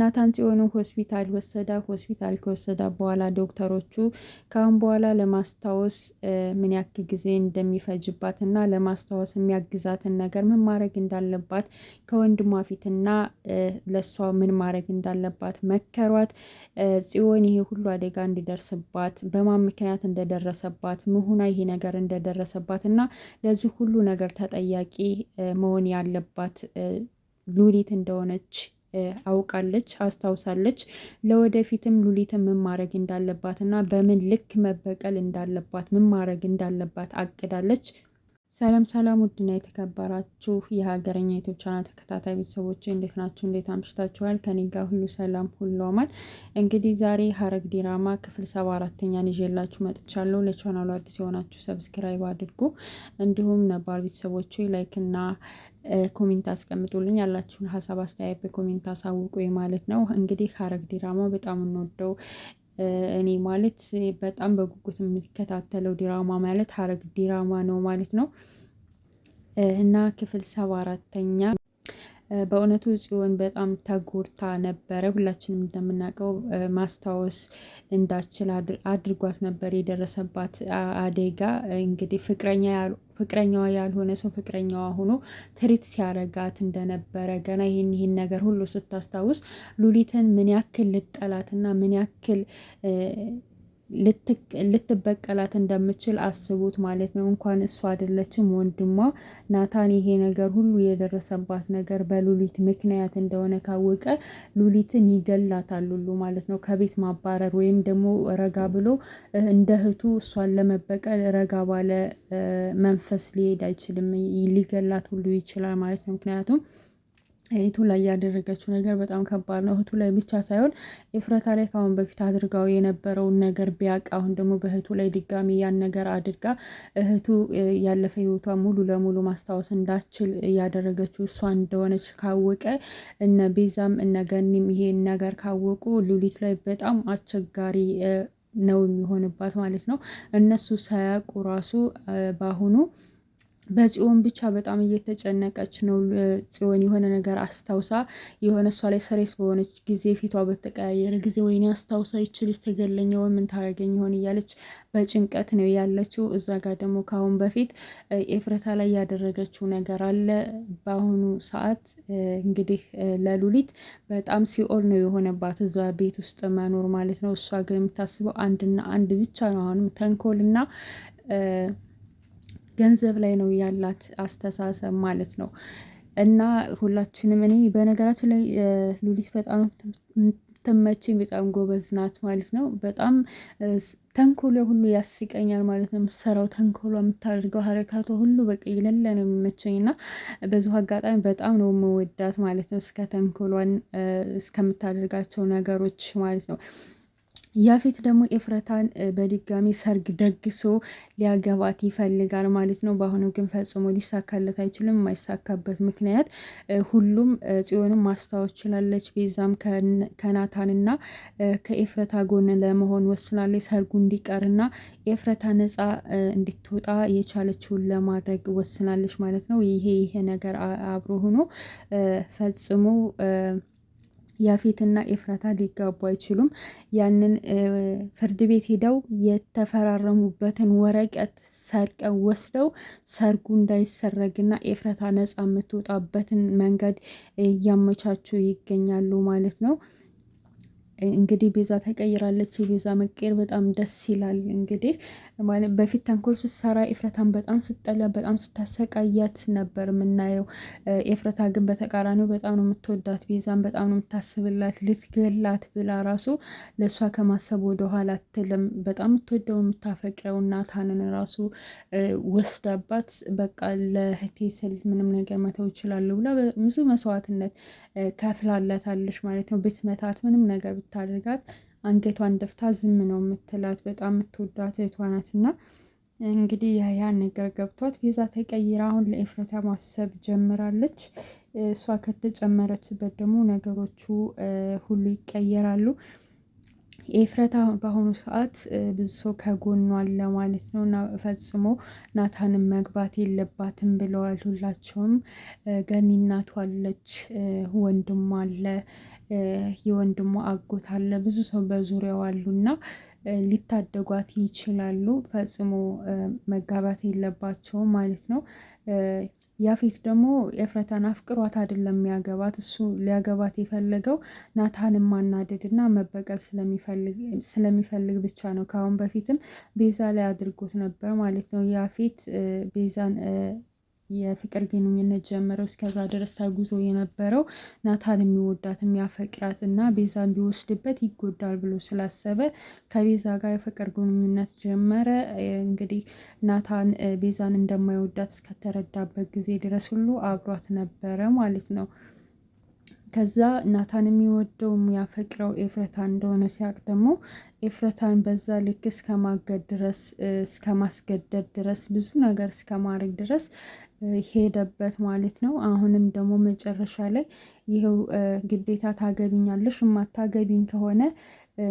ናታን ጽዮንን ሆስፒታል ወሰዳ። ሆስፒታል ከወሰዳ በኋላ ዶክተሮቹ ካሁን በኋላ ለማስታወስ ምን ያክል ጊዜ እንደሚፈጅባት እና ለማስታወስ የሚያግዛትን ነገር ምን ማድረግ እንዳለባት ከወንድሟ ፊትና ለእሷ ምን ማድረግ እንዳለባት መከሯት። ጽዮን ይሄ ሁሉ አደጋ እንዲደርስባት በማን ምክንያት እንደደረሰባት ምሁና ይሄ ነገር እንደደረሰባት እና ለዚህ ሁሉ ነገር ተጠያቂ መሆን ያለባት ሉሊት እንደሆነች አውቃለች፣ አስታውሳለች። ለወደፊትም ሉሊትን ምን ማድረግ እንዳለባት እና በምን ልክ መበቀል እንዳለባት ምን ማድረግ እንዳለባት አቅዳለች። ሰላም ሰላም፣ ውድና የተከበራችሁ የሀገረኛ ዩቱብ ቻናል ተከታታይ ቤተሰቦች እንዴት ናችሁ? እንዴት አምሽታችኋል? ከኔ ጋር ሁሉ ሰላም ሁሉ አማን። እንግዲህ ዛሬ ሀረግ ዲራማ ክፍል ሰባ አራተኛን ይዤላችሁ መጥቻለሁ። ለቻናሉ አዲስ የሆናችሁ ሰብስክራይብ አድርጉ፣ እንዲሁም ነባር ቤተሰቦች ላይክና ኮሜንት አስቀምጡልኝ ያላችሁን ሀሳብ አስተያየት በኮሜንት አሳውቁ ማለት ነው። እንግዲህ ሐረግ ዲራማ በጣም እንወደው እኔ ማለት በጣም በጉጉት የምትከታተለው ዲራማ ማለት ሐረግ ዲራማ ነው ማለት ነው። እና ክፍል ሰባ አራተኛ በእውነቱ ጽዮን በጣም ተጎድታ ነበረ። ሁላችንም እንደምናውቀው ማስታወስ እንዳችል አድርጓት ነበር የደረሰባት አደጋ። እንግዲህ ፍቅረኛ ፍቅረኛዋ ያልሆነ ሰው ፍቅረኛዋ ሆኖ ትሪት ሲያረጋት እንደነበረ ገና ይህን ይህን ነገር ሁሉ ስታስታውስ ሉሊትን ምን ያክል ልጠላትና ምን ያክል ልትበቀላት እንደምችል አስቡት ማለት ነው። እንኳን እሷ አይደለችም ወንድሟ ናታን ይሄ ነገር ሁሉ የደረሰባት ነገር በሉሊት ምክንያት እንደሆነ ካወቀ ሉሊትን ይገላታል ሁሉ ማለት ነው። ከቤት ማባረር ወይም ደግሞ ረጋ ብሎ እንደ እህቱ እሷን ለመበቀል ረጋ ባለ መንፈስ ሊሄድ አይችልም። ሊገላት ሁሉ ይችላል ማለት ነው። ምክንያቱም እህቱ ላይ ያደረገችው ነገር በጣም ከባድ ነው። እህቱ ላይ ብቻ ሳይሆን ኤፍረታ ላይ ከአሁን በፊት አድርጋው የነበረውን ነገር ቢያቅ አሁን ደግሞ በእህቱ ላይ ድጋሚ ያን ነገር አድርጋ እህቱ ያለፈ ህይወቷ ሙሉ ለሙሉ ማስታወስ እንዳችል እያደረገችው እሷ እንደሆነች ካወቀ እነ ቤዛም እነ ገኒም ይሄን ነገር ካወቁ ሉሊት ላይ በጣም አስቸጋሪ ነው የሚሆንባት ማለት ነው። እነሱ ሳያውቁ ራሱ በአሁኑ በጽዮን ብቻ በጣም እየተጨነቀች ነው። ጽዮን የሆነ ነገር አስታውሳ የሆነ እሷ ላይ ሰሬስ በሆነች ጊዜ ፊቷ በተቀያየረ ጊዜ ወይኔ አስታውሳ ይችልስ ተገለኛው ምን ታረገኝ ይሆን እያለች በጭንቀት ነው ያለችው። እዛ ጋር ደግሞ ከአሁን በፊት ኤፍረታ ላይ ያደረገችው ነገር አለ። በአሁኑ ሰዓት እንግዲህ ለሉሊት በጣም ሲኦል ነው የሆነባት እዛ ቤት ውስጥ መኖር ማለት ነው። እሷ ግን የምታስበው አንድና አንድ ብቻ ነው አሁንም ተንኮልና ገንዘብ ላይ ነው ያላት አስተሳሰብ ማለት ነው። እና ሁላችንም እኔ በነገራችን ላይ ሉሊት በጣም የምትመቸኝ በጣም ጎበዝ ናት ማለት ነው። በጣም ተንኮሎ ሁሉ ያስቀኛል ማለት ነው። የምትሰራው ተንኮሎ፣ የምታደርገው ሀረካቷ ሁሉ በቃ የሌለ ነው የሚመቸኝ እና በዚሁ አጋጣሚ በጣም ነው መወዳት ማለት ነው። እስከ ተንኮሏን እስከምታደርጋቸው ነገሮች ማለት ነው። ያፌት ደግሞ ኤፍረታን በድጋሚ ሰርግ ደግሶ ሊያገባት ይፈልጋል ማለት ነው። በአሁኑ ግን ፈጽሞ ሊሳካለት አይችልም። የማይሳካበት ምክንያት ሁሉም ጽዮንም ማስታወስ ችላለች። ቤዛም ከናታንና ከኤፍረታ ጎን ለመሆን ወስናለች። ሰርጉ እንዲቀርና ኤፍረታ ነፃ እንድትወጣ የቻለችውን ለማድረግ ወስናለች ማለት ነው። ይሄ ይሄ ነገር አብሮ ሆኖ ፈጽሞ ያፌትና ኤፍራታ ሊጋቡ አይችሉም። ያንን ፍርድ ቤት ሄደው የተፈራረሙበትን ወረቀት ሰርቀው ወስደው ሰርጉ እንዳይሰረግና ኤፍራታ ነፃ የምትወጣበትን መንገድ እያመቻቹ ይገኛሉ ማለት ነው። እንግዲህ ቤዛ ተቀይራለች። የቤዛ መቀየር በጣም ደስ ይላል። እንግዲህ ማለት በፊት ተንኮል ስትሰራ ኤፍረታን በጣም ስትጠላ፣ በጣም ስታሰቃያት ነበር የምናየው። ኤፍረታ ግን በተቃራኒው በጣም ነው የምትወዳት፣ ቤዛን በጣም ነው የምታስብላት። ልትገላት ብላ ራሱ ለእሷ ከማሰብ ወደኋላ አትልም። በጣም የምትወደው የምታፈቅረው ናታንን ራሱ ወስዳባት በቃ ለህቴ ስል ምንም ነገር መተው ይችላሉ ብላ ብዙ መስዋዕትነት ከፍላለታለች ማለት ነው። ብትመታት ምንም ነገር የምታደርጋት አንገቷን ደፍታ ዝም ነው የምትላት በጣም የምትወዳት እህቷ ናት። እና እንግዲህ ያ ነገር ገብቷት ቤዛ ተቀይራ አሁን ለኤፍረታ ማሰብ ጀምራለች። እሷ ከተጨመረችበት ደግሞ ነገሮቹ ሁሉ ይቀየራሉ። ኤፍረታ በአሁኑ ሰዓት ብዙ ሰው ከጎኗ አለ ማለት ነው እና ፈጽሞ ናታንም መግባት የለባትም ብለዋል ሁላቸውም። ገኒ እናቷ አለች፣ ወንድሟ አለ የወንድሟ አጎት አለ፣ ብዙ ሰው በዙሪያው አሉና ሊታደጓት ይችላሉ። ፈጽሞ መጋባት የለባቸውም ማለት ነው። ያፌት ደግሞ ኤፍረታን አፍቅሯት አይደለም የሚያገባት። እሱ ሊያገባት የፈለገው ናታንን ማናደድ እና መበቀል ስለሚፈልግ ብቻ ነው። ከአሁን በፊትም ቤዛ ላይ አድርጎት ነበር ማለት ነው። ያፌት ቤዛን የፍቅር ግንኙነት ጀመረው። እስከዛ ድረስ ተጉዞ የነበረው ናታን የሚወዳት የሚያፈቅራት እና ቤዛን ቢወስድበት ይጎዳል ብሎ ስላሰበ ከቤዛ ጋር የፍቅር ግንኙነት ጀመረ። እንግዲህ ናታን ቤዛን እንደማይወዳት እስከተረዳበት ጊዜ ድረስ ሁሉ አብሯት ነበረ ማለት ነው። ከዛ ናታን የሚወደው የሚያፈቅረው ኤፍረታ እንደሆነ ሲያቅ ደግሞ ኤፍረታን በዛ ልክ እስከ ማገድ ድረስ እስከ ማስገደድ ድረስ ብዙ ነገር እስከ ማድረግ ድረስ ሄደበት ማለት ነው። አሁንም ደግሞ መጨረሻ ላይ ይኸው ግዴታ ታገቢኛለሽ፣ የማታገቢኝ ከሆነ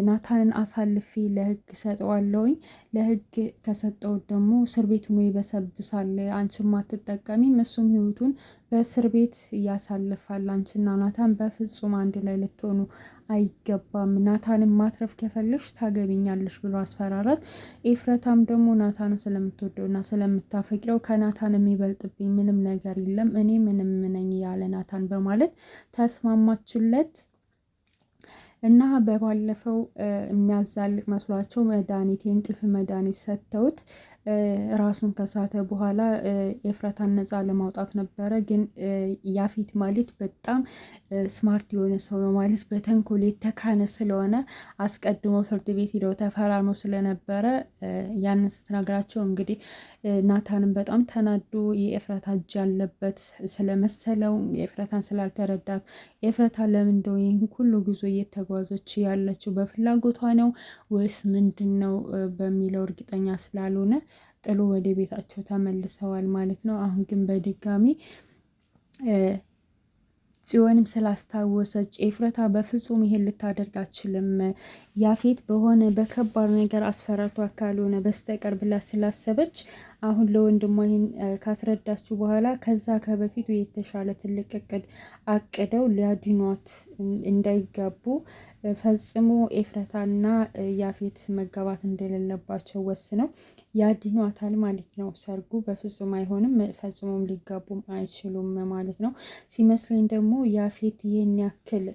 ናታንን አሳልፌ ለህግ ሰጠዋለውኝ ለህግ ከሰጠው ደግሞ እስር ቤት ሆኖ ይበሰብሳል። አንቺም አትጠቀሚም፣ እሱም ህይወቱን በእስር ቤት እያሳልፋል። አንቺና ናታን በፍጹም አንድ ላይ ልትሆኑ አይገባም። ናታንን ማትረፍ ከፈለሽ ታገቢኛለሽ ብሎ አስፈራራት። ኤፍረታም ደግሞ ናታን ስለምትወደውና ስለምታፈቅረው ከናታን የሚበልጥብኝ ምንም ነገር የለም እኔ ምንም ነኝ ያለ ናታን በማለት ተስማማችለት። እና በባለፈው የሚያዛልቅ መስሏቸው መድኃኒት የእንቅልፍ መድኃኒት ሰጥተውት ራሱን ከሳተ በኋላ ኤፍራታን ነፃ ለማውጣት ነበረ። ግን ያፊት ማለት በጣም ስማርት የሆነ ሰው ነው ማለት በተንኮል የተካነ ስለሆነ አስቀድሞ ፍርድ ቤት ሄደው ተፈራርሞ ስለነበረ ያንን ስትነግራቸው እንግዲህ ናታንም በጣም ተናዶ የኤፍራታ እጅ ያለበት ስለመሰለው ኤፍራታን ስላልተረዳት ኤፍራታ ለምንደው ይህን ሁሉ ጉዞ እየተጓዘች ያለችው በፍላጎቷ ነው ወይስ ምንድን ነው በሚለው እርግጠኛ ስላልሆነ ጥሎ ወደ ቤታቸው ተመልሰዋል ማለት ነው። አሁን ግን በድጋሚ ጽዮንም ስላስታወሰች ኤፍረታ በፍጹም ይሄን ልታደርግ አችልም፣ ያፌት በሆነ በከባድ ነገር አስፈራርቷ ካልሆነ በስተቀር ብላ ስላሰበች አሁን ለወንድሟ ይህን ካስረዳችሁ በኋላ ከዛ ከበፊቱ የተሻለ ትልቅ እቅድ አቅደው ሊያድኗት እንዳይጋቡ ፈጽሞ ኤፍረታና ያፌት መጋባት እንደሌለባቸው ወስነው ያድኗታል ማለት ነው። ሰርጉ በፍጹም አይሆንም፣ ፈጽሞም ሊጋቡም አይችሉም ማለት ነው። ሲመስለኝ ደግሞ ያፌት ይህን ያክል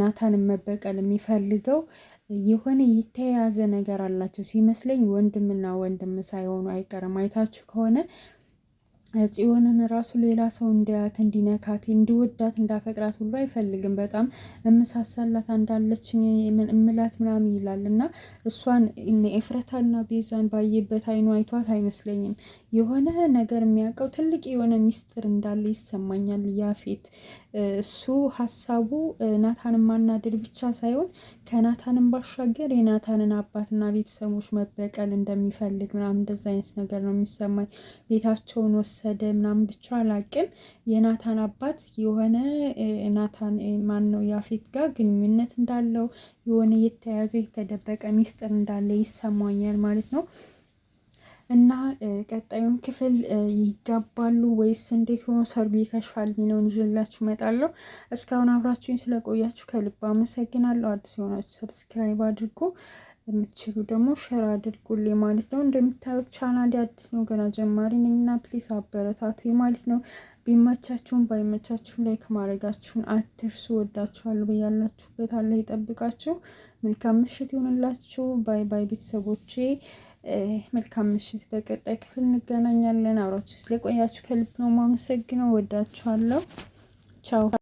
ናታንን መበቀል የሚፈልገው የሆነ የተያያዘ ነገር አላቸው ሲመስለኝ ወንድምና ወንድም ሳይሆኑ አይቀርም። አይታችሁ ከሆነ ጽዮንን ራሱ ሌላ ሰው እንዲያት እንዲነካት እንዲወዳት እንዳፈቅራት ሁሉ አይፈልግም። በጣም እምሳሳላት አንዳለች እምላት ምናምን ይላል እና እሷን ኤፍረታና ቤዛን ባየበት አይኑ አይቷት አይመስለኝም። የሆነ ነገር የሚያውቀው ትልቅ የሆነ ሚስጥር እንዳለ ይሰማኛል ያፌት እሱ ሀሳቡ ናታንን ማናደድ ብቻ ሳይሆን ከናታንን ባሻገር የናታንን አባትና ቤተሰቦች መበቀል እንደሚፈልግ ምናምን እንደዚ አይነት ነገር ነው የሚሰማኝ። ቤታቸውን ወሰደ ምናምን ብቻ አላቅም። የናታን አባት የሆነ ናታን ማን ነው ያፌት ጋር ግንኙነት እንዳለው የሆነ የተያዘ የተደበቀ ሚስጥር እንዳለ ይሰማኛል ማለት ነው። እና ቀጣዩን ክፍል ይጋባሉ ወይስ እንዴት ሆኖ ሰርጉ ይከሽፋል የሚለውን ይዤላችሁ እመጣለሁ። እስካሁን አብራችሁኝ ስለቆያችሁ ከልብ አመሰግናለሁ። አዲስ የሆናችሁ ሰብስክራይብ አድርጉ፣ የምትችሉ ደግሞ ሸር አድርጉልኝ ማለት ነው። እንደምታዩት ቻናል አዲስ ነው፣ ገና ጀማሪ ነኝና ፕሊስ አበረታቱ ማለት ነው። ቢመቻችሁም ባይመቻችሁም ላይክ ማድረጋችሁን አትርሱ። ወዳችኋለሁ። በያላችሁበት አለ ይጠብቃችሁ። መልካም ምሽት ይሆንላችሁ። ባይ ባይ ቤተሰቦቼ፣ መልካም ምሽት። በቀጣይ ክፍል እንገናኛለን። አብራችሁ ስለቆያችሁ ከልብ ነው ማመሰግነው። ወዳችኋለሁ። ቻው